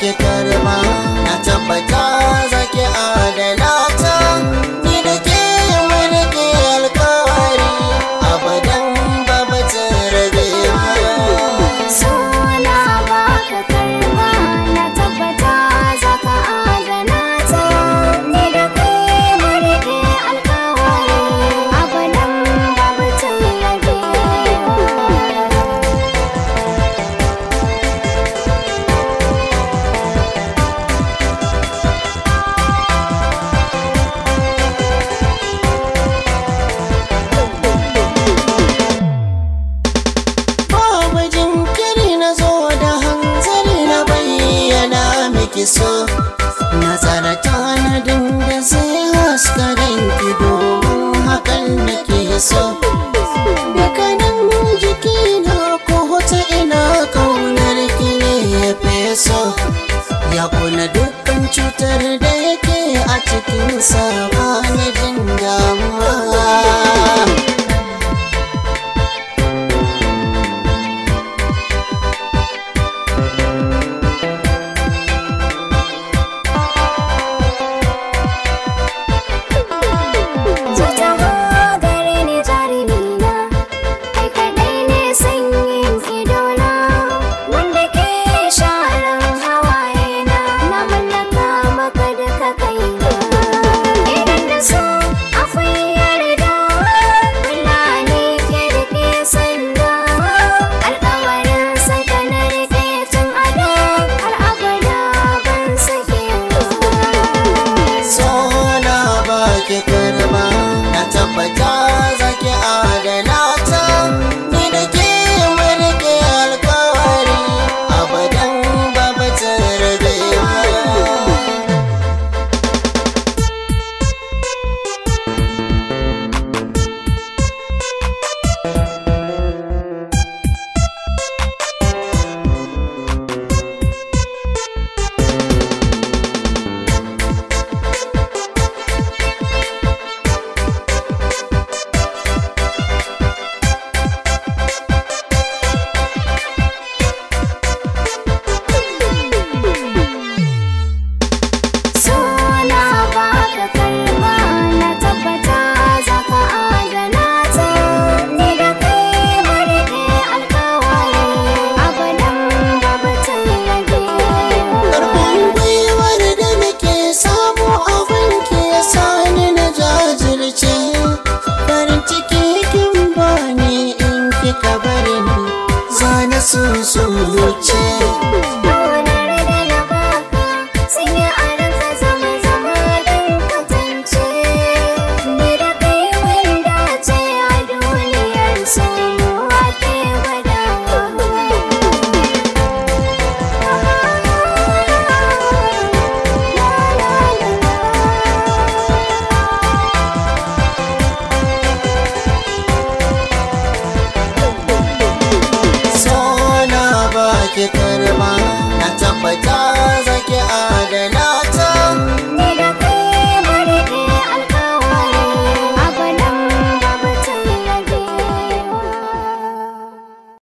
के करवा न चंपा ki na tsara tanadin da zai haska danki domin hakan na so dukkanin jiki na ko ta ina kaunar ki ne ya feso ya kuna dukkan cutar da yake a cikin sabanin damuwa so zuciya करवा